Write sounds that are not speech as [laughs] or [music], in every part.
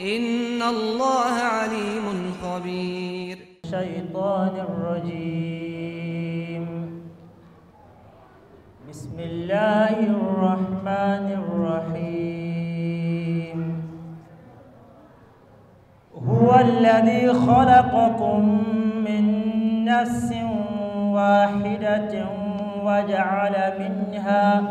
إن الله عليم خبير الشيطان الرجيم بسم الله الرحمن الرحيم هو الذي خلقكم من نفس واحدة وجعل منها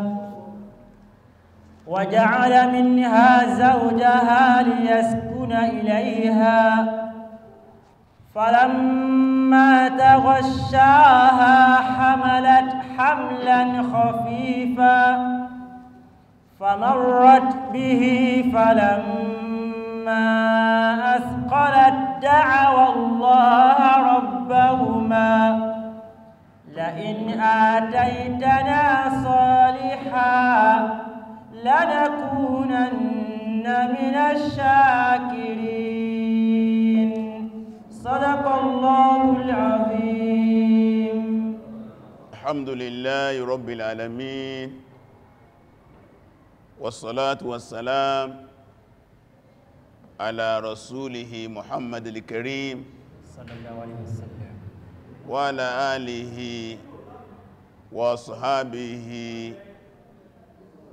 وجعل منها زوجها ليسكن إليها فلما تغشاها حملت حملا خفيفا فمرت به فلما أثقلت دعوى الله ربهما لئن آتيتنا صالحا لنكونن من الشاكرين صدق الله العظيم الحمد لله رب العالمين والصلاة والسلام على رسوله محمد الكريم صلى الله عليه وسلم وعلى آله وصحابه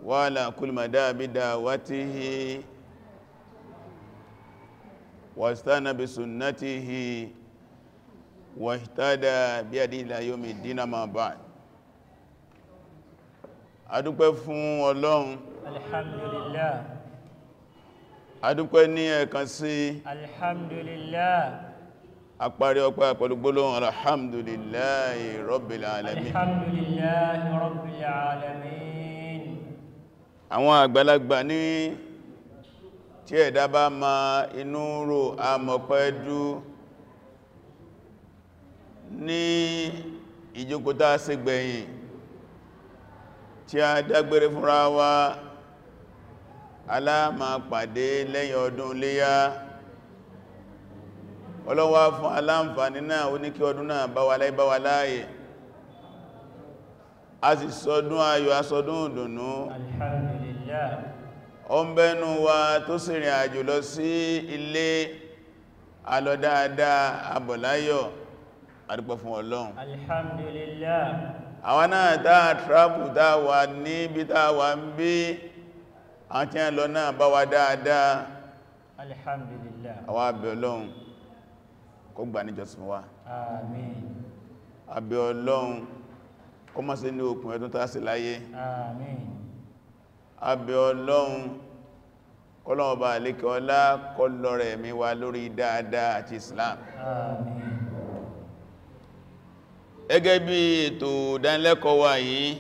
وعلى كل مدى بدعوته واستنى بسنته واهتدى بهديه إلى يوم الدين ما بعد adúpẹ́ fún Ọlọ́run alhamdulillah adúpẹ́ ní ẹ̀kan sí alhamdulillah àparí ọpẹ́ pẹ̀lú gbólóhùn alhamdulillah rabbil alamin alhamdulillah rabbil alamin àwọn àgbàlagbà ní tí ẹ̀dá bá ma inú rò amọ̀pẹ́dú ní ìjókòtà sígbẹ̀yìn tí a dágbére fúnra wa aláàmà pàdé lẹ́yìn ọdún léyá ọlọ́wà fún aláǹfàní náà ó ní kí ọdún náà báwaláì báwaláyè a sì sọdún ayọ̀ asọdún ìdùnnú alhamdulillah o ń bẹnu wa tó sì rìn àjò lọ sí ilé alọ́dáadáa abọ̀láyọ̀ adúpẹ́ fún ọlọ́run alhamdulillah àwọn náà táà trapu táà wà ní bí táà wà ń bí àti ẹlọ náà bá wa dáadáa alhamdulillah àwọn abẹ́ ọlọ́run kó gbà ní jọsìn wa àmín abẹ́ ọlọ́run kó má ṣe ní òpin ọdún tàà sí láyé àmín abẹ́ ọlọ́run ọlọ́run bá lékẹ́ ọlá kọlọ rẹ̀ mi wá lórí dáadáa àti Islam gẹ́gẹ́ bí ètò ìdánilẹ́kọ̀ọ́ wa yìí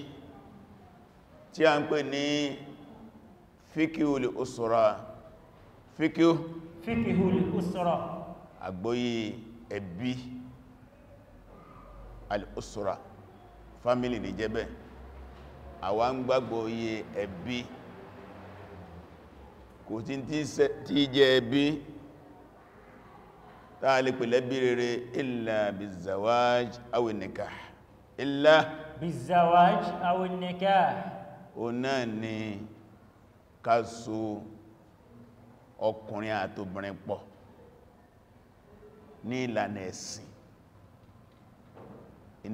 tí a ń pè ní àgbóyí ẹbí al àwa ń gbàgbọ́ iye ẹbí kò tí tí jẹ ẹbí táà lè pèlẹ̀ bí rere illa bizawaj awi nikah illa bizawaj awi nikah o náà ni ká so ọkùnrin àtobìnrin pọ̀ ní ìlànà ẹ̀sìn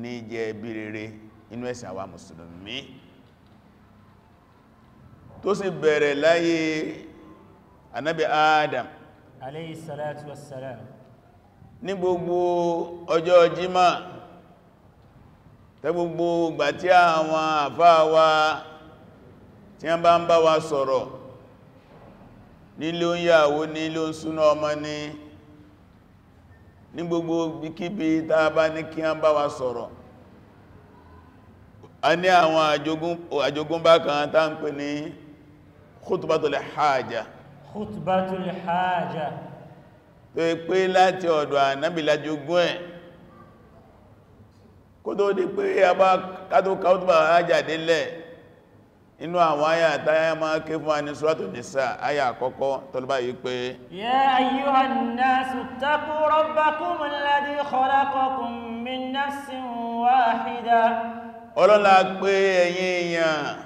ní jẹ ẹbí rere inú ẹ̀sìn àwa mùsùlùmí tó sì bẹ̀rẹ̀ láyé anábi adam alayhi salatu wassalam ní gbogbo ọjọ́ jímá tẹ gbogbo ìgbà tí àwọn àfáà wa tí wọ́n bá ń bá wa sọ̀rọ̀ nílé ń yàwó nílé ń súná ọmọ ní ní gbogbo kíbi tá ní kí bá wa sọ̀rọ̀ a ní àwọn àjogúnbá kan tá ń pè ní khutbatul hajja khutbatul hajja tó yí pé láti ọ̀dọ̀ ànábì láti ogún ẹ̀ kó tó di pé a bá kátó khutba hajja délẹ̀ inú àwọn ayà táyà máa ké fún àní suratu nisa ayà àkọ́kọ́ tọ́lọ́bá yìí pé ya ayyuhan nasu ttaqu rabbakum alladhi khalaqakum min nafsin wahida ọlọ́la pé ẹ̀yin èèyàn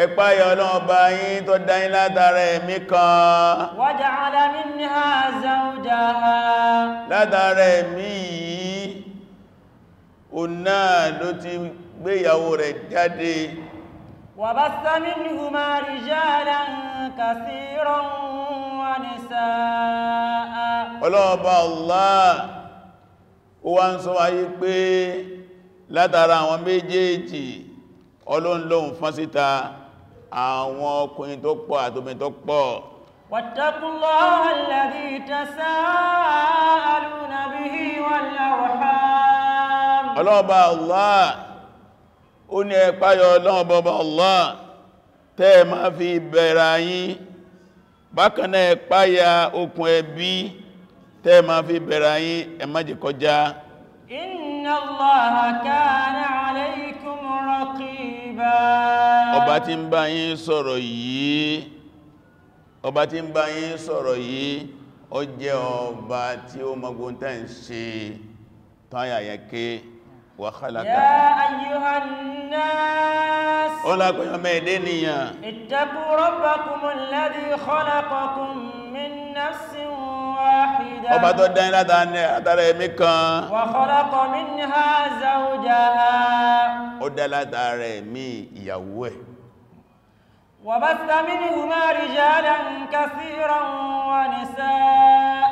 ẹ̀páyà ọlọ́ọba yìí tó dáyín látara ẹ̀mí kan waja'ala minha zawjaha látara ẹ̀mí yìí o náà ló ti gbéyàwó rẹ̀ jáde wa bassa minhuma rijalan kathiran wa nisaa ọlọ́ọba Allah ó wá ń sọ wáyé pé látara àwọn méjèèjì ọlọ́nlọ́un fọ́n síta àwọn ọkùnrin tó pọ̀ àtòmìn tó pọ̀ wattaqullaha alladhi tasaaluna bihi wal arham ọlọ́ọ̀bá Allah ó ní ẹ̀páyọ ọlọ́ọ̀bọ̀bọ̀ Allah tẹ́ ma fi bẹ̀rẹ̀ yín ẹ̀páyà okùn ẹbí tẹ́ ma fi bẹ̀rẹ̀ yín ẹ má إن الله كان عليكم رقيبا ọba tí ń bá yín sọ̀rọ̀ yìí ọba tí ń bá yín sọ̀rọ̀ yìí ó jẹ́ ọba tí ó mọ́gbọ́n tẹ́ ń ṣe táyà yẹ wà kálàkà ó lápẹ̀yàn mẹ́ẹ̀dẹ́ nìyàn ittaqu rabbakumul ladhi khalaqakum min nafsin ọba tó dán látara ẹ̀mí kan wa khalaqa minha zawjaha ó dá látara ẹ̀mí ìyàwó ẹ̀ wa batha minhuma rijalan kathiran wa nisaa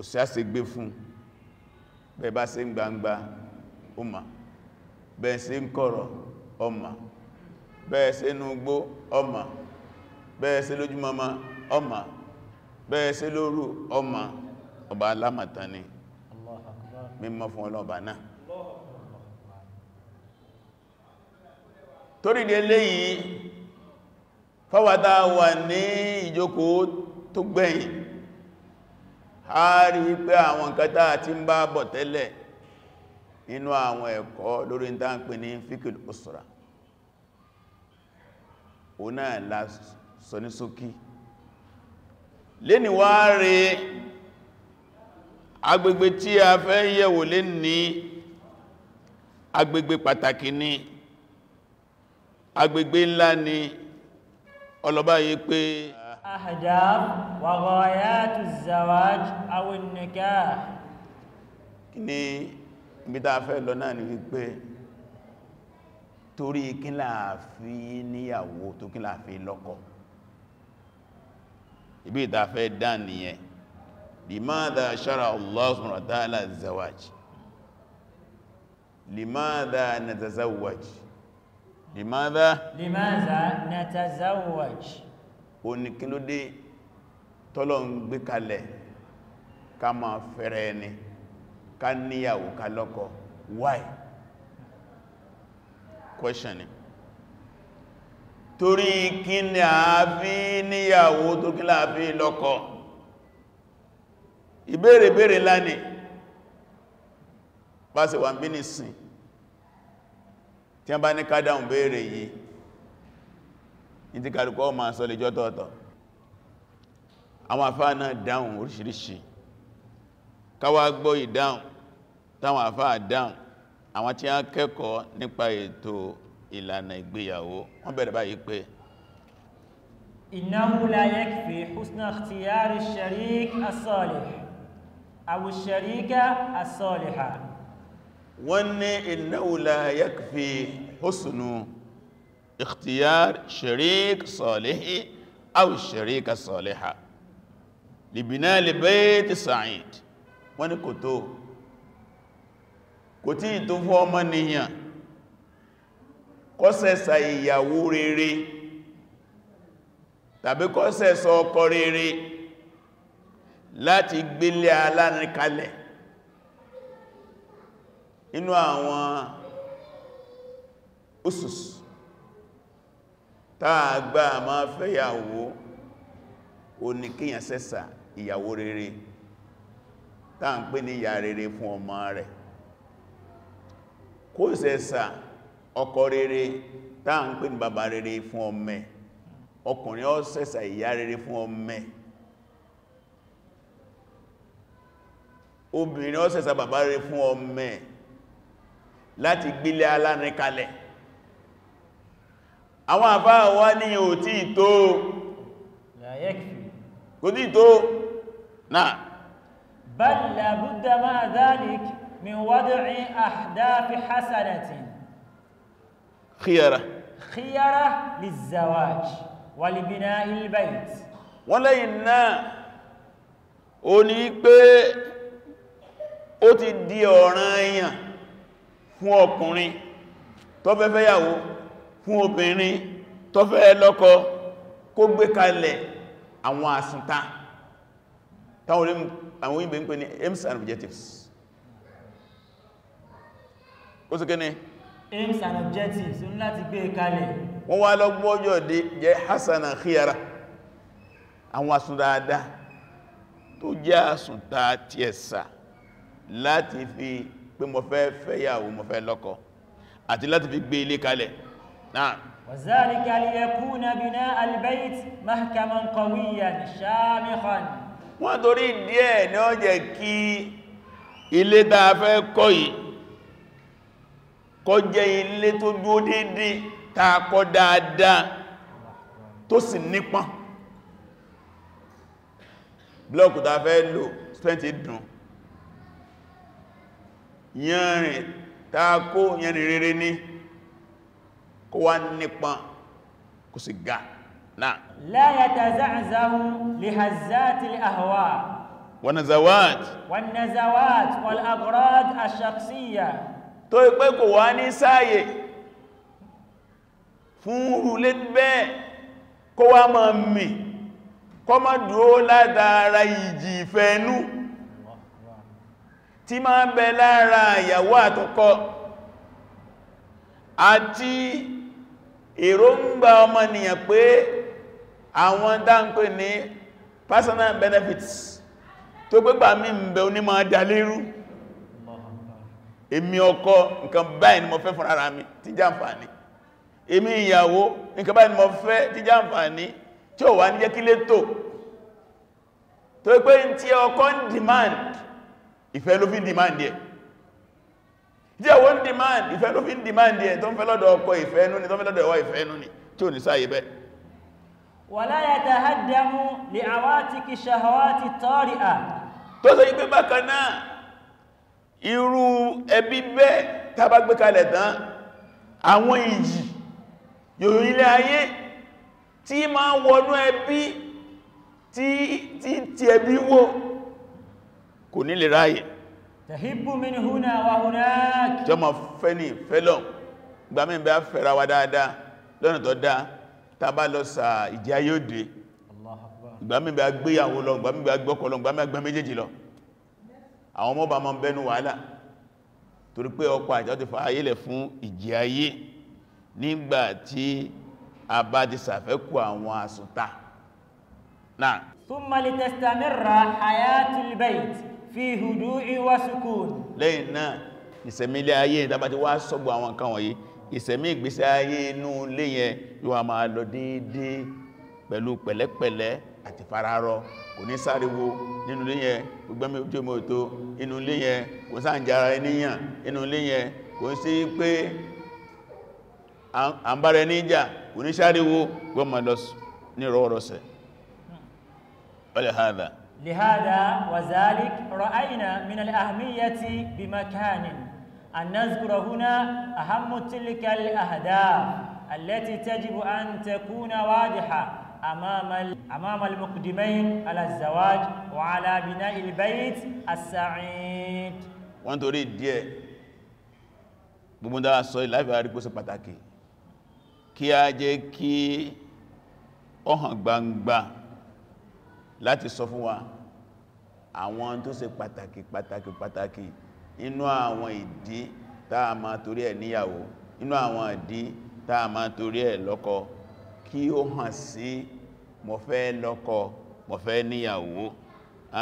kò sí àṣegbé fún bẹ́ẹ̀ bá ń gbangba ọmọ bẹ́ẹ̀ ṣe ń kọ̀rọ̀ ọmọ bẹ́ẹ̀ ṣe ń ugbó ọmọ bẹ́ẹ̀ lójúmọmọ ọmọ ọba ni fún ọlọ́ọ̀bá náà torí dé léyìí fáwádá wà ní ìjókòó tó a rí pé àwọn nǹkan tá ti ń bá bọ̀ tẹ́lẹ̀ nínú àwọn ẹ̀kọ́ lórí tá ń pè ní fíkìl òsùra o náà la sọ ní ṣókí léni rí agbègbè tí a fẹ́ yẹ̀wò lé ní agbègbè pàtàkì ní agbègbè ńlá ni ọlọ́bá yìí pé أهداف وغايات الزواج أو النكاح kí ni ibi tá a fẹ́ lọ náà لا في torí kí la fi níyàwó tó kí la fi لماذا شرع الله سبحانه وتعالى الزواج لماذا نتزوج لماذا لماذا نتزوج ó ní kí ló dé tọ́lọ̀ ń gbé kalẹ̀ ká máa fẹ́rẹ̀ ẹni ká níyàwó ká lọ́kọ why question ni torí kí ni a fi níyàwó tó kí láà fi lọ́kọ ìbéèrè béèrè ńlá ni pàṣẹ wà ń bí nìsìn tí a bá ní ká dáhùn béèrè yìí ní ti kàrùkọ́ ma sọ lè jọ tọ́ọ̀tọ̀ àwọn àfáà náà dáhùn oríṣiríṣi káwà gbọ́ ìdáhùn táwọn àfáà dáhùn àwọn tí a kẹ́kọ̀ọ́ nípa ètò ìlànà ìgbéyàwó wọ́n bẹ̀rẹ̀ báyìí pé innahu la yakfi husna اختيار شريك صالح أو الشريك الصالحة لبناء البيت السعيد wọ́n ní kò tó kò tí tó fún ọmọ nìyàn kọ́sẹ̀sà ìyàwó rere tàbí kọ́sẹ̀sà ọkọ rere láti gbélé alárinkalẹ̀ inú àwọn usus tààgbà ma fẹ́yàwó o ní kíyàn sẹ́sà ìyàwó rere tàà ń pè ní ìyà rere fún ọmọ rẹ̀ kó sẹ́sà ọkọ rere tàà ń pè ní bàbá rere fún ọmọ ọkùnrin ó sẹ́sà ìyà rere fún ọmọ obìnrin ó sẹ́sà bàbá rere fún ọmọ láti gbílé alárin kalẹ̀ àwọn àbá wá ní òtí tó kò tí tó náà bal la budda ma dhalik min wad'i ahdafi hasanatin khiyara khiyara lizzawaj wa li bina'i albayt wọ́n lẹ́yìn náà ó ní pé ó ti di ọ̀ranyàn fún ọkùnrin tó fẹ́ fẹ́yàwó fún obìnrin tó fẹ́ lọ́kọ kó gbé kalẹ̀ àwọn àsìntà táwọn òyìnbó ń pè ní aims and objectives ó sì kéne aims and objectives ń láti gbé kalẹ̀ wọ́n wá lọ́gbọ́jọ́ jẹ́ hasana khiyara àwọn asùn dáadáa tó jẹ́ asùn ta ti ẹ̀sà láti fi pé mo fẹ́ fẹ́yàwó mo fẹ́ lọ́kọ àti láti fi gbé ilé kalẹ̀ وذلك ليكون بناء البيت محكما قويا شامخا wọ́n torí díẹ̀ ní ó jẹ́ kí ilé tàà fẹ́ kọ́ yìí kó jẹ́ ilé tó dúó dédé tàà kọ́ dáadáa tó sì nípọn blọ́ọ̀kù strength dùn yẹnrìn tàà kó yẹnrìn rere ní kó wá nípa kó sì ga náà láyàtà záàzáwú lè hazzáti àhọ́wà wọnàzàwàt wọnàzàwàt wọl'agrọ́d àṣàksíyà tó ipé kò wá ní sáyè fún rúlé bẹ́ẹ̀ kó wá ma mì kó má dúró látara ìjì ìfẹ́nú tí máa bẹ lára ìyàwó àtọkọ àti èròǹgbà ọmọnìyàn pé àwọn dáńpé ní personal benefits tó gbégbà mí ń bẹ onímọ̀ dalérú èmi ọkọ nǹkan báyìí ni mo fẹ́ fún ara mi tí jàǹfààní èmi ìyàwó nǹkan báyìí ni mo fẹ́ tí jàǹfààní tí ó wà ní jẹ́ kí lé tò tó pé tí ọkọ ń demand ìfẹ́ ló fi demand yẹ̀ jẹ́ wọ́n demand ìfẹ́ ló fi ń demand ẹ̀ tó ń fẹ́ lọ́dọ̀ ọkọ ìfẹ́ ẹnu ni tó ń fẹ́ lọ́dọ̀ ẹwà ìfẹ́ ẹnu ni tí ò ní sáyé bẹ́ wala yatahaddamu li awatiki shahawati tari'a tó sọ ipé bákan náà irú ẹbí bẹ́ẹ̀ tàbá gbé kalẹ̀ ti ẹbí wò kò ní lè ráyè tẹ̀hìbù mi ni húnà wà húnà tí ọmọ fẹ́ ní fẹ́lọ̀ gbàmí bá fẹ́ra wa dáadáa lọ́nà tó dáa tàbá lọ sà ìjẹ́ ayé òde gbàmí bá gbéyàwó lọ gbàmí bá gbọ́kọ̀ lọ gbàmí gbà méjèèjì lọ àwọn ọmọ bá mọ́ bẹnu wàhálà torí pé ọkọ àjọ fi hudu iwa sukun lẹ́yìn náà ìsẹ̀mí ilé ayé ìdába ti wá sọ́gbọ̀ àwọn nǹkan wọ̀nyí ìsẹ̀mí ìgbésí ayé inú ilé yẹn yóò a máa lọ déédéé pẹ̀lú pẹ̀lẹ́pẹ̀lẹ́ àti fararọ kò ní sáriwo nínú ilé yẹn gbogbo ojú omi òtó inú ilé yẹn kò sáàjára ẹniyàn inú ilé yẹn kò sí pé à ń kò ní sáriwo gbọ́mọ̀ ní rọwọ́rọsẹ̀ ọlẹ̀ لهذا وذلك رأينا من الأهمية بمكان أن نذكر هنا أهم تلك الأهداف التي تجب أن تكون واضحة أمام أمام المقدمين على الزواج وعلى بناء البيت السعيد wọ́n torí díẹ̀ gbogbo dára sọ ìláfẹ́ àríkò sí pàtàkì kí a jẹ́ kí láti sọ fún wa àwọn tó ṣe pàtàkì pàtàkì pàtàkì inú àwọn ìdí táa ma torí ẹ̀ níyàwó inú àwọn ìdí táa ma torí ẹ̀ lọ́kọ kí ó hàn sí mo fẹ́ lọ́kọ mo fẹ́ níyàwó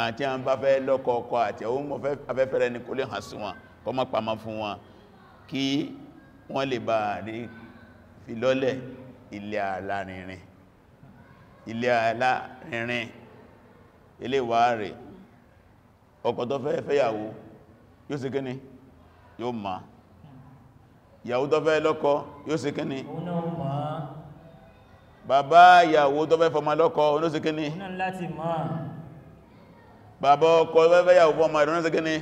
àti àwọn bá fẹ́ lọ́kọ ọkọ àti àwọn mo fẹ́ afẹ́fẹ́rẹ́ ní kó lè hàn sí wọn kó má pamọ́ fún wọn kí wọ́n lè bá rí filọ́lẹ̀ ilẹ̀ alárinrin ilẹ̀ alárinrin eléwà rẹ̀ ọkọ̀ tó fẹ́ fẹ́yàwó yóò ṣe kíni yóò ma ìyàwó tó fẹ́ lọ́kọ yóò ṣe kíni bàbá ìyàwó tó fẹ́ kíni bàbá ọkọ tó fẹ́ fẹ́yàwó fọmọ ìrún ṣe kíni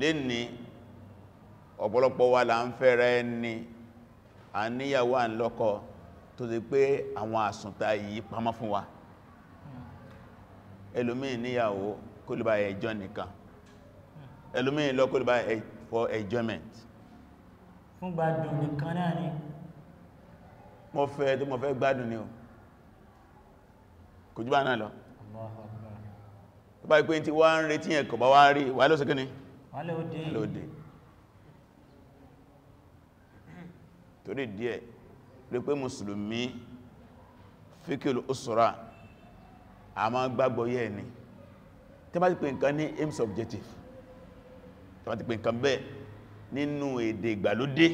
lè ọ̀pọ̀lọpọ̀ wa là ń fẹ́ra ẹni àníyàwó à ń tó ṣe pé àwọn àsùntà yìí pamọ́ fún wa ẹlòmíì níyàwó kó lè bá ẹjọ́ nìkan ẹlòmíì lọ kó lè bá for enjoyment fún gbádùn nìkan náà ni mo fẹ́ tó mo fẹ́ gbádùn ni o kò jú bá náà lọ tó bá ìpé tí wá ń retí ẹ̀kọ̀ bá wá rí wà ló sẹ́kẹ́ torí díẹ̀ rí pé mùsùlùmí fíkìlù usra a ma gbàgbọ́ ni tí bá ti pè nǹkan ní aims objective tí bá ti pè nǹkan bẹ́ẹ̀ nínú èdè ìgbàlódé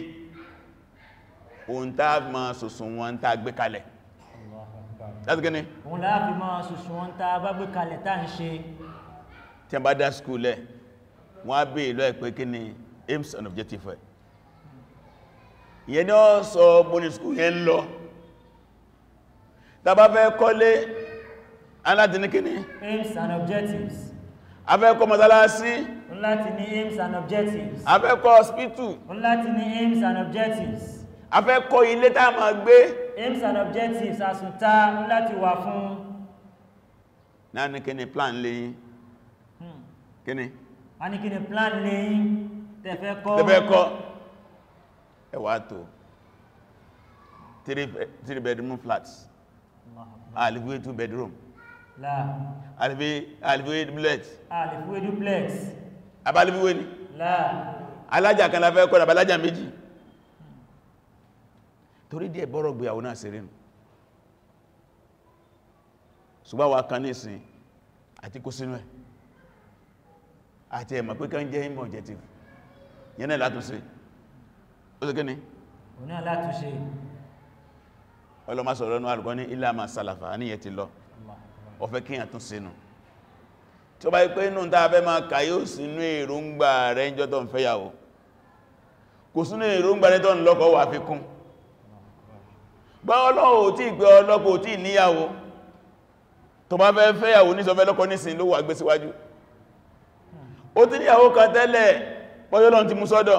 ohun tá ma sòsùn wọn tá gbé kalẹ̀ láti gẹ́ni ohun láàbí ma sòsùn wọn tá bá gbé kalẹ̀ tá ń ṣe tí a bá dá skúlẹ̀ wọ́n á bí ìlọ́ ẹ̀pẹ́ kí ni aims and objective ìyẹn ni ó sọ bóní skú yẹn lọ tàbá fẹ́ kọ́lé aládìníkíní aims and objectives afẹ́kọ́ mọ́sálásí láti ní aims and objectives afẹ́kọ́ hospital láti ní aims and objectives afẹ́kọ́ ilé tá ma gbé aims and objectives àsùntá láti wà fún náà ní kíni plan lẹ́yìn hmm. kíni a ní kíni plan lẹ́yìn tẹ́fẹ́ kọ́ ẹwà tó three bedroom flats alifuwe two bedroom alifuwe duplex alifuwe duplex abalifuwe ni alájà kan la fẹ́ kọ́ abalájà méjì torí díẹ̀ bọ́rọ̀ gbìyàwó náà sẹ́rẹ̀ nù ṣùgbọ́n wa kan ní ìsìn àti kó sínú ẹ̀ àti ẹ̀mọ̀ pé kan jẹ́ ìmọ̀ objective yẹn náà látúnṣe ó sì kíni òní alátúnṣe ọlọ́mà sọ̀rọ̀ ní alùkọ́ ní ilá ma sàlàfà níyẹ ti lọ ọ̀fẹ́ kíyàn tún sínú tí ó bá ipé inú tàà fẹ́ ma kàyó sínú èròǹgbà rẹ̀ ń jọ́tọ̀ ń fẹ́yàwó kò sínú èròǹgbà rẹ̀ tọ́ ń lọ́kọ wà fi kún bá ọlọ́wọ́ tí ìgbẹ́ ọlọ́pọ̀ tí níyàwó tó bá fẹ́ fẹ́yàwó ní sọfẹ́ lọ́kọ nísìn ló wà gbé síwájú hmm. ó ti níyàwó kan tẹ́lẹ̀ pọ́jọ́lọ́n ti mú sọ́dọ̀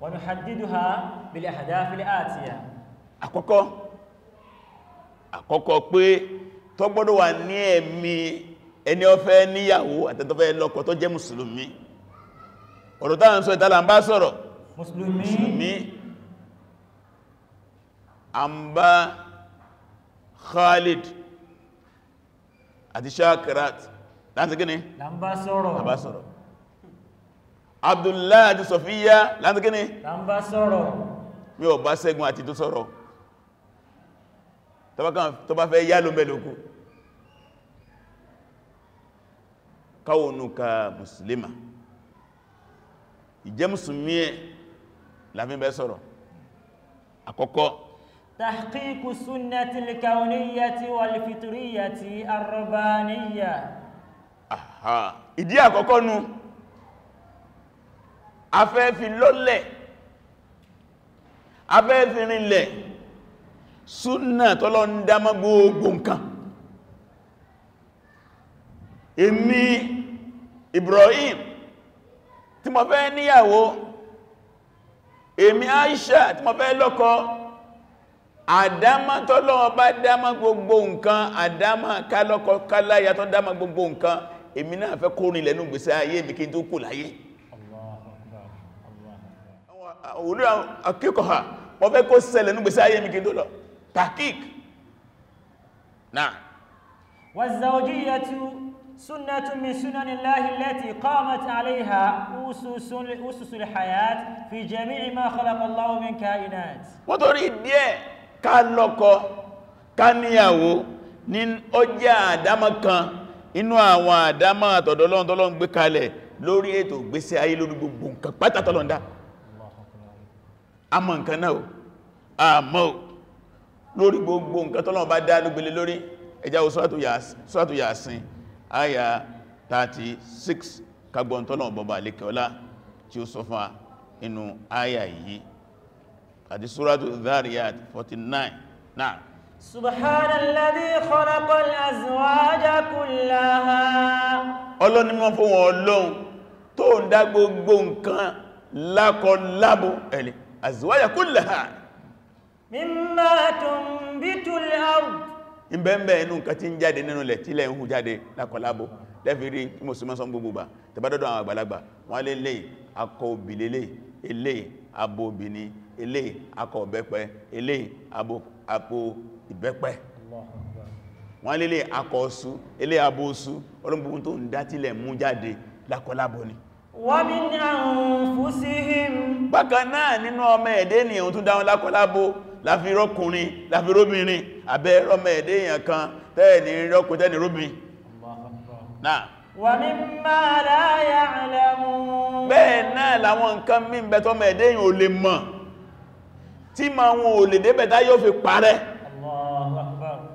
wa nuhaddiduha bil ahdafi al atiya àkọ́kọ́ àkọ́kọ́ pé tó gbọ́dọ̀ wà ní ẹ̀mí ẹni ó fẹ́ níyàwó àtẹ́tọ́fẹ́ lọ́kọ tó jẹ́ mùsùlùmí ọ̀rọ̀ táwọn sọ ìtàlà ń bá sọ̀rọ̀ mùsùlùmí àmbá Khalid àti Shakirat láti gíní? lámbá sọ̀rọ̀ abdullahi àti sofia láti kíni tàbá sọ̀rọ̀ mi ò bá sẹ́gun àti tó sọ̀rọ̀ tó bá fẹ́ yá ló mẹ́lòkú káwọnùka musulima ìjẹ́ musulmi ẹ̀ láfíbẹ̀ sọ̀rọ̀ àkọ́kọ́ tahqiqu sunnati al-kawniyyati wal-fitriyyati ar-rabbaniyya aha ìdí àkọ́kọ́ nu no afẹ́ fi lọ́lẹ̀ afẹ́ fi rinlẹ̀ súnà tọ́lọ ń dámọ́ gbogbo nǹkan èmi Ibrahim tí mo fẹ́ níyàwó èmi Aisha tí mo fẹ́ lọ́kọ àdámá tọ́lọ ọba dámá gbogbo nǹkan àdámá kálọ́kọ káláyà tó dámá gbogbo nǹkan èmi náà fẹ́ kó rìnlẹ̀ nú gbèsè ayé mi tó kù láyé òwúrọ̀ akíkọ̀ọ́ wọ́n fẹ́ kó ṣẹlẹ̀ ní gbèsè ayé mi kí n tó lọ takik náà wàzàwòjíyàtú súnnàtú min súnnàni láhì lẹ́tì kọ́mọ̀t aléhà úsùsùl hayat fi jẹ́mí ma khalaqallahu min kainat wọ́n tó rí díẹ̀ ká lọ́kọ lórí ètò gbésẹ̀ ayé lórí gbogbo nǹkan pátátọ́lọ́ndá a mọ̀ nǹkan náà a mọ̀ lórí gbogbo nǹkan tọ́lọ́run bá dá lúgbẹ̀lẹ̀ lórí ẹjá o suratu Yasin àyà 36 kagbọn tọ́lọ́run bọba alékẹ́ọlá tí ó sọ fún a inú àyà yìí àti suratu Dhariyat 49 náà سبحان الذي خلق الأزواج كلها ọlọ́ni mọ́ fún wọn ọlọ́run tó ń dá gbogbo nǹkan lákọ lábò ẹ̀lẹ́ azwaja kullaha mimma tunbitul ard ìbẹ̀m̀bẹ̀ inú nǹkan tí ń jáde nínú lẹ̀ tí lẹ̀ ń hù jáde lákọlábò lẹ́fìrí mọ̀sánmọ́sán gbogbogbà tẹbádọ́dọ̀ àwọn àgbàlagbà wọ́n lè lè akọ òbí lélè ilé abo obìnrin ilé akọ ọ̀bẹ́pẹ ilé abo ìbẹ́pẹ wọ́n wa min anfusihim bákan náà nínú ọmọ ẹ̀dẹ́ ni ohun tún dáwọn lákọlábó láfi rọ́kùnrin láfi róbìnrin abẹ́ rọmọ ẹ̀dẹ́ èèyàn kan tẹ́ẹ̀ni rọ́kùn tẹ́ẹ̀ni róbìn náà wà mímá láyà alẹ́mú bẹ́ẹ̀ náà làwọn nǹkan mí ń bẹ̀tọ́ mẹ́ẹ̀dẹ́ èèyàn ò tí ma wọn ò lè débẹ̀ tá yóò fi parẹ́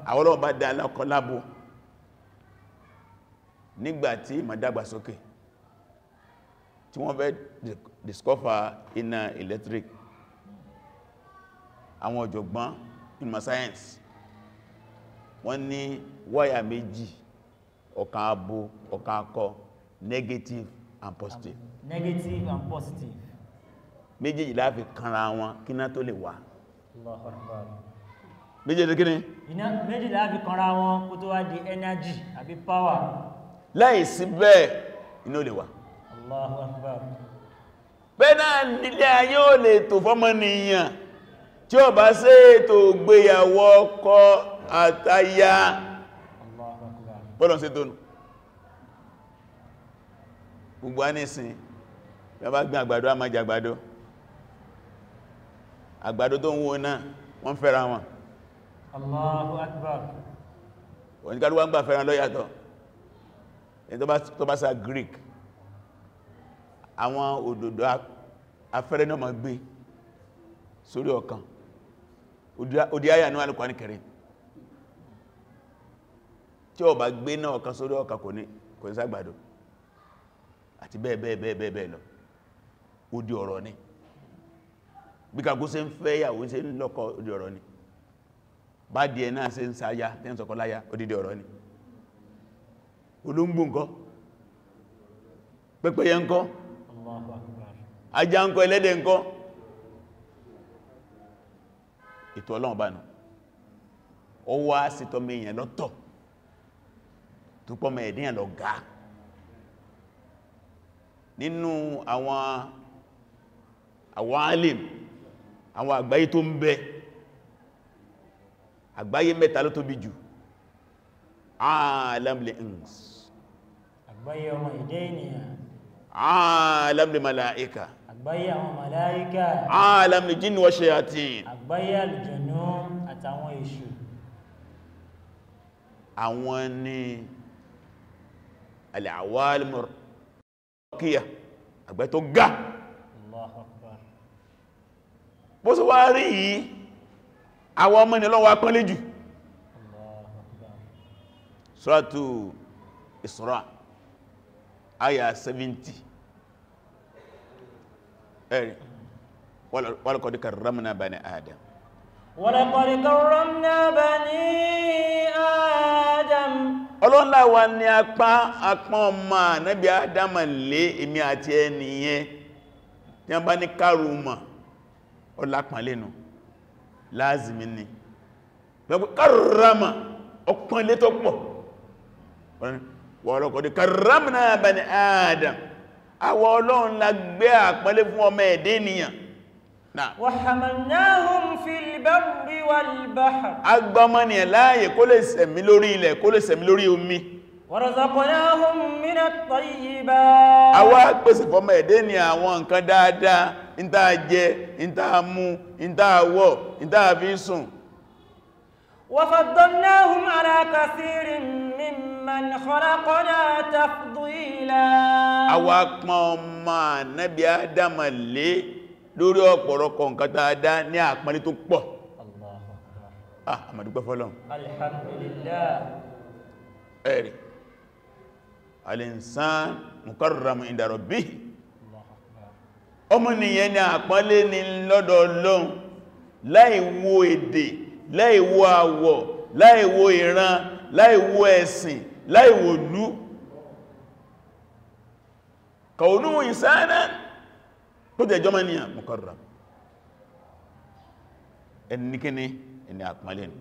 àwọn ọlọ́ọ̀bá dá lákọlábó nígbàtí ma dàgbàsókè tí wọ́n fẹ́ discover iná electric àwọn ọ̀jọ̀gbọ́n ìmọ̀ science wọ́n ní wáyà méjì ọ̀kan abo ọ̀kan akọ negative and positive negative and positive méjèèjì láàfi kanra wọn kí iná tó lè wà Allahu Akbar méjèèjì kí ni méjèèjì láàfi kanra wọn kó tó wá di energy àbí power láìsí bẹ́ẹ̀ iná lè wà Allah Akbar bẹ́nà nílé ayé ò lè tò fọ́mọnìyàn tí ó bá ṣe ètò gbéyàwó ọkọ àtayá bọ́lọ̀ sí tónù gbogbo anìsìn ya bá àgbàdo a máa jẹ àgbàdo àgbàdo tó ń wo náà wọ́n fẹ́ra wọn Allahu Akbar wọ́n ni kálúwà ń gbà fẹ́ra lọ́yàtọ̀ ẹni tó bá sa Greek àwọn òdòdó afẹ́rẹ́ náà ma gbé sórí ọkàn òdí ayà ní alùkwárí kẹrẹ tí ó bá gbé náà ọkàn sórí ọkàn kò ní kò ní sàgbàdọ̀ àti bẹ́ẹ̀bẹ́ẹ̀bẹ́ẹ̀ lọ òdí ọ̀rọ̀ ni bí kàkú ṣe ń fẹ́ yàwó ṣe ń lọ́kọ òdí ọ̀rọ̀ ni bá díẹ̀ náà ṣe ń sáyá tẹ́ ń sọkọ láyá òdí ọ̀rọ̀ ni olóngbò ńkọ́ pẹ́pẹ́yẹ ńkọ́ Allahu ajá ń kọ ẹlẹ́dẹ̀ ń kọ́ ètò ọlọ́run bá nù ó wá sítọmọ èèyàn lọ́tọ̀ tó pọ́mọ ẹ̀díyàn lọ ga nínú àwọn àwọn alim àwọn àgbáyé tó ń bẹ àgbáyé mẹ́ta ló tóbi jù alamle ins àgbáyé ọmọ ìdẹ́ ènìyàn alamle malaika àgbáyé àwọn màláíkà alam ni jinnu wa shayatin àgbáyé àlùjànnú àtàwọn èṣù àwọn ni al-awalim al-raqiya àgbẹ́ tó ga Allahu bó sọ wá rí yìí àwọn ọmọ ìnìyàn wá jù Allahu Akbar suratu 70 ẹ̀rì walaqad karramna bani adam walaqad karramna bani adam ọlọ́nlá wa ni apá apá ọmọ ànábì adam lé èmi àti ẹniyẹn tí a bá ní kárùmà ọlápàálẹ́nu láàzìmí ni kárùmà ọpọ̀lẹ́ tó pọ̀ walaqad karramna adam àwọ ọlọ́run la gbé àpẹẹlẹ fún ọmọ ẹ̀dẹ́ ènìyàn wa hamalnahum fil barri wal bahr agbọmọnìyàn láàyè kó lè sẹ̀mí lórí ilẹ̀ kó lè sẹ̀mí lórí omi wa razaqnahum minat tayyibat àwa mimman khalaqna tafdila àwa pọ́n ọmọ ànábì ádámà lé lórí ọ̀pọ̀lọpọ̀ nǹkan tàádá ní àpọ́nlé tó pọ̀ ah àmàdúgbẹ́ fọ́lọ́n alhamdulillah ẹ̀rì al-insan mukarramu inda rabbih ọmọnìyàn ni àpọ́nlé ní lọ́dọ̀ Ọlọ́run láìwo èdè láìwo àwọ̀ láìwo ìran láìwo ẹ̀sìn láìwòlú kàwọnú ìsáná tó jẹ jọmọ́ ní àmùkọ̀rọ̀ ẹnikini ẹni àpàlẹ̀ ni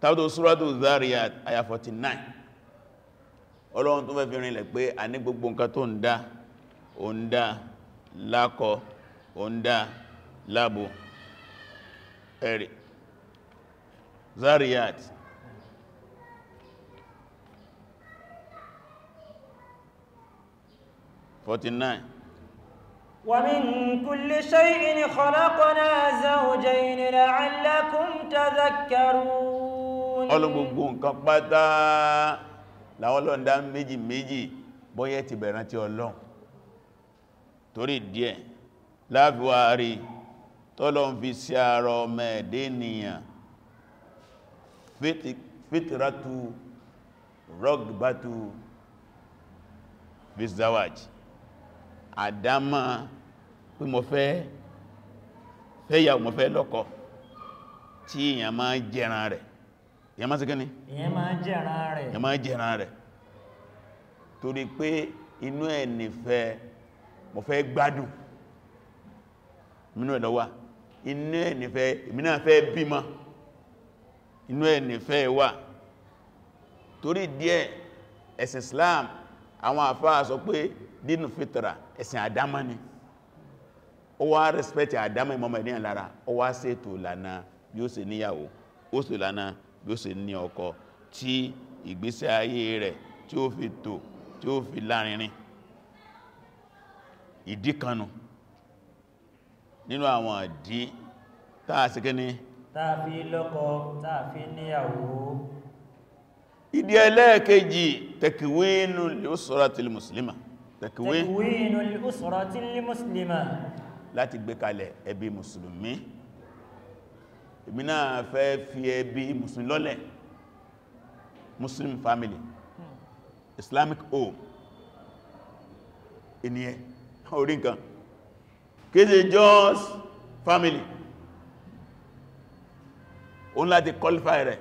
tàbí Suratu Zariyat aya 49 ọlọ́run tó fẹ́ fi rinlẹ̀ pé a ní gbogbo nǹkan tó ń dá o ń dá lákọ o ń dá lábo ẹ̀rì Zariyat 49 ومن كل شيء خلقنا زوجين لعلكم تذكرون ọlọ́gbogbo nǹkan pátá láwọn ọlọ́ndá méjì méjì bọ́yẹ́ ti bẹ̀rẹ̀ tí ọlọ́n torí díẹ̀ láàfíwárí tọ́lọ́n fi sí àrọ mẹ́ẹ̀dẹ́nìyàn fitratu rọ́gbàtù fi àdámà pé mo fẹ́ fẹ́yàwó mo fẹ́ lọ́kọ tí èyàn máa jẹran rẹ̀ èyàn máa síkẹ́ ni èyàn máa jẹran rẹ̀ torí pé inú ẹ̀ nìfẹ́ mo fẹ́ gbádùn mínú ẹ̀ lọ́wà inú ẹ̀ nìfẹ́ ìmínà fẹ́ bímọ inú ẹ̀ nìfẹ́ wà torí díẹ̀ ẹ̀sìn Islam àwọn àfáà sọ pé dínú fitra ẹ̀sìn àdámá ni ó wá respect àdámá ìmọ́mọ̀ ènìyàn lára ó wá ṣètò lànà bí ó ṣe níyàwó ó ṣètò lànà bí ó ṣe ní ọkọ tí ìgbésẹ̀ ayé rẹ̀ tí ó fi tò tí ó fi lárinrin ìdí kanu nínú àwọn ìdí táà sí kíní lọ́kọ táà níyàwó ìdí ẹlẹ́ẹ̀kejì tẹ̀kìwínú lè ó sọ́rọ̀ tìlì mùsùlùmí takwinul usratil muslima láti gbé kalẹ̀ ẹbí mùsùlùmí èmi náà fẹ́ fi ẹbí mùsùlùmí lọ́lẹ̀ muslim family hmm. islamic home ènìyàn [laughs] orí nǹkan kéde just family òun láti qualify rẹ̀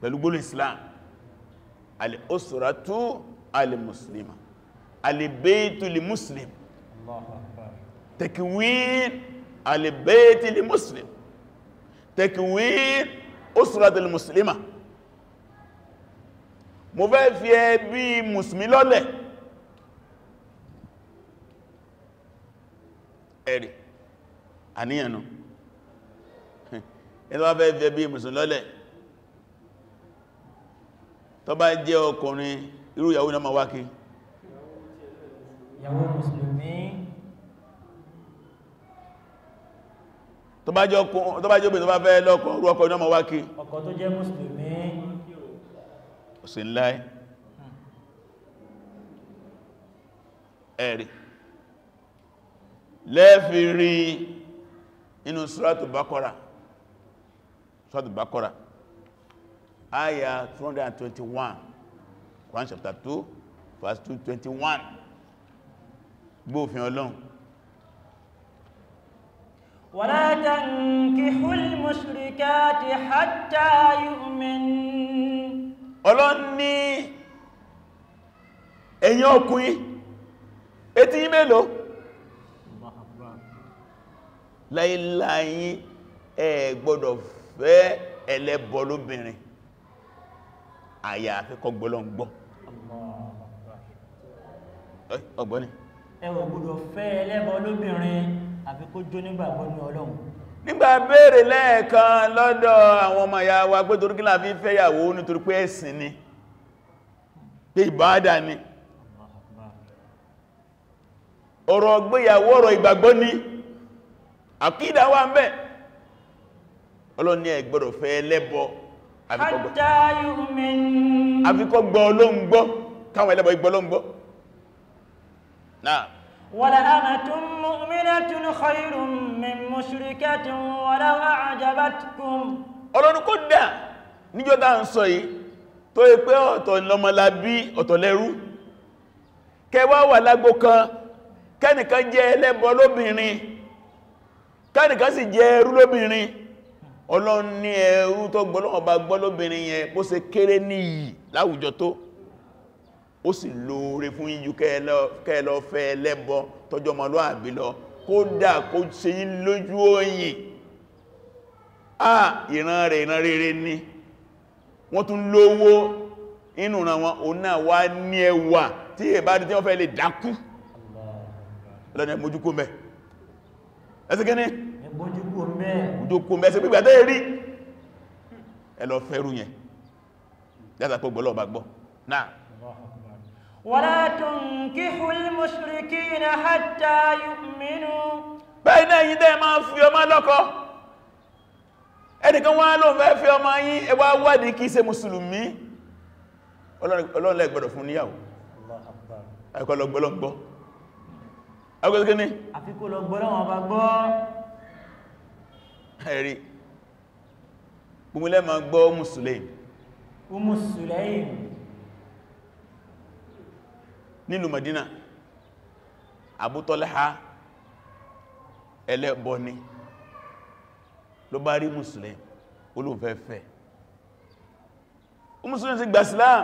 pẹ̀lú gbólù islam al-usratu al-muslima alìbẹ́ẹ̀tù lè muslim tekwin alìbẹ́ẹ̀tù lè muslim tekwin usrat al-muslima mo fẹ́ fi ẹbí musulmi lọ́lẹ̀ ẹ̀rì àníyànú ẹni wá fẹ́ fi ẹbí musulmi lọ́lẹ̀ tó bá jẹ́ ọkùnrin irú náà ma wákìí ìyàwó mùsùlùmí tó bá jẹ́ obìnrin tó bá fẹ́ lọ́kọ orú ọkọ iná mọ̀ wá kí ọkọ tó jẹ́ mùsùlùmí ò sí láì ẹ̀rì lẹ́ẹ̀fì rí inú suratul Baqara suratul Baqara aya Quran chapter 2 verse 221 gbófin ọlọ́run wala tankihul mushrikati hatta yu'min ọlọ́run ní ẹ̀yin ọkùnrin etí yí mélòó láìláyìn ẹ gbọ́dọ̀ fẹ́ ẹlẹ́bọ lóbìnrin àyà àfikọ́ ọgbọ́ni ẹwọ gbọ́dọ̀ fẹ́ ẹlẹ́bọ lóbìnrin àfi nígbàgbọ́ ní Ọlọ́run nígbà lẹ́ẹ̀kan lọ́dọ̀ àwọn ọmọ ya wa pé torí kílà fi ń fẹ́yàwó nítorí pé ẹ̀sìn ni pé ìbáadà ni ọ̀rọ̀ gbéyàwó ọ̀rọ̀ ìgbàgbọ́ ni àkídà wà ń bẹ ọlọ́ni fẹ́ ولأمة مؤمنة خير من مشركة ولو أعجبتكم ọlọ́run kó dà níjọba ń sọ yìí tó yí pé ọ̀tọ̀ lọmọlábí ọ̀tọ̀ lẹ́rú kẹwàá wà lágbó kan kẹ́nìkan jẹ́ ẹlẹ́bọ lóbìnrin kẹ́nìkan sì jẹ́ ẹrú lóbìnrin ọlọ́run ní ẹrú tó gbọ́lọ́wọ́ bá gbọ́ lóbìnrin yẹn bó ṣe kéré níyì láwùjọ tó ó sì lóore fún yíyú kẹ́ẹ̀lọ fẹ́ lẹ́bọ tọ́jọ́ ọmọlúàbí lọ kódà kó ṣe yí lójú òyìn à ìran rẹ̀ ìran rere ni wọ́n tún lówó inú ran wọn o náà wá ní ẹwà tí èbá rí tí wọ́n fẹ́ lè dákú lọ́nà ẹmójúkó mẹ́ ẹsẹ́ gẹ́ni ẹmójúkó mẹ́ ẹsẹ́ pípẹ́ tẹ́ rí ẹlọ fẹ́rú yẹn látàpọ̀ gbọ́lọ̀ bá gbọ́ ولا تنكحوا المشركين حتى يؤمنوا bẹ́ẹ̀ náà yìí dẹ́ máa fi ọmọ lọ́kọ ẹnìkan wọ́n lọ fẹ́ fi ọmọ yín ẹ wá wádìí kìí ṣe mùsùlùmí Ọlọ́run lè gbọ́dọ̀ fún níyàwó ẹ̀kọ́ lọ́gbọ́lọ́gbọ́ ẹgbẹ́ gẹ́ni àfikò lọ́gbọ́lọ́wọ́n bá gbọ́ ẹ̀rí gbogbo lẹ́ máa gbọ́ Umu Sulaim Umu Sulaim nílùú Madina Abu Talha ẹlẹ́bọ ni ló bá rí Muslim olóòfẹ́fẹ́ o Muslim ti gbà Islam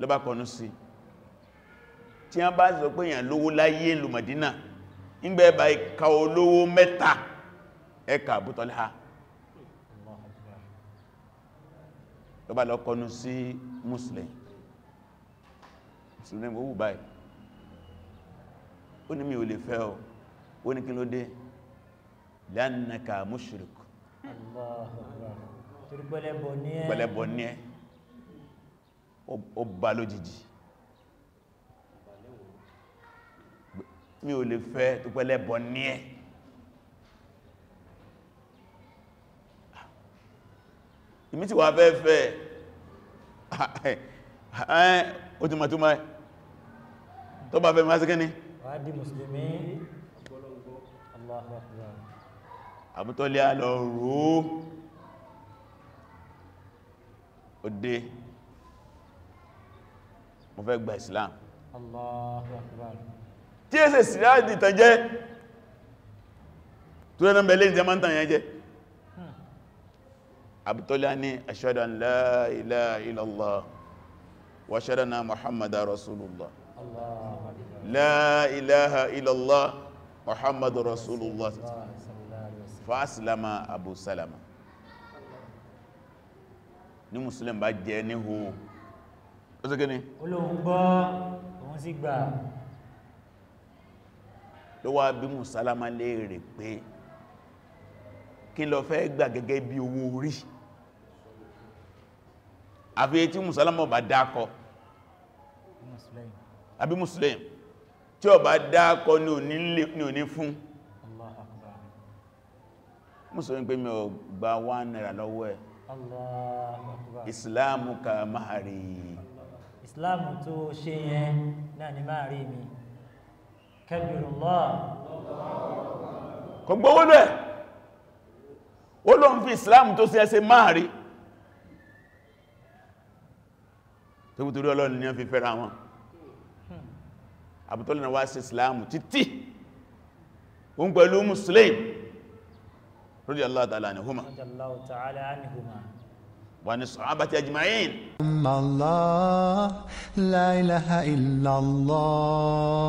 ló bá kọ̀nú sí tí a bá sọ pé èyàn lówó láyé ìlú Madina ìgbẹ́ bá ìka olówó mẹ́ta ẹka Abu Talha ló bá lọ kọ̀nú sí Muslim ṣùgbọ́n mo wù báyìí ó ní mi ò lè fẹ́ ọ ó ní kí ló dé lánàkà mushrik pẹ̀lẹ̀bọ̀ ní ẹ́ ó bá lójijì mi ò lè fẹ́ tó pẹ̀lẹ̀bọ̀ ní ẹ́ ìmí tí wà fẹ́ fẹ́ [laughs] ẹ́ ó ti mọ̀ tó máa tó bá fẹ́ máa sí kíní wádìí mùsùlùmí Allahu Akbar àbútọ́lé àlọ́ rú òdé mo fẹ́ gba Islam Allahu Akbar tí ẹsẹ̀ síláàdì tàn jẹ́ tó rẹ̀ náà bẹ̀lẹ̀ ìjẹ́ máa ń tàn yẹn jẹ́ hmm. àbútọ́lé ní ashhadu an la ilaha illallah wa rasulullah la ilaha illallah muhammadu rasulullah fásilama abu salama ní musulun bá jẹ ní hu ó sì gini olóhun gbọ́ òun sì gbà ló wá bí musalama léèrè pé kí ló fẹ́ gbà gẹ́gẹ́ bí owó orí àfi tí musalama bá dákọ àbí musulun tí ó bá dákọ ní òní fún mùsùlùmí pé mi ò gba wá náírà lọ́wọ́ ẹ̀ ìsìláàmù ka mahari ìsìláàmù tó ṣe yẹn náà ni mahari mi kabirullah kò gbówó lẹ́ ó fi ìsìláàmù tó ṣe ẹsẹ mahari tó kútúrú ọlọ́run ni wọ́n fi fẹ́ra wọn àbútọ́lù náà wá sí islamu títí oun pẹ̀lú muslim rọ́dí allah ta'ala ni huma wà ní sọ́hábà ti ajma'in Allah la ilaha illallah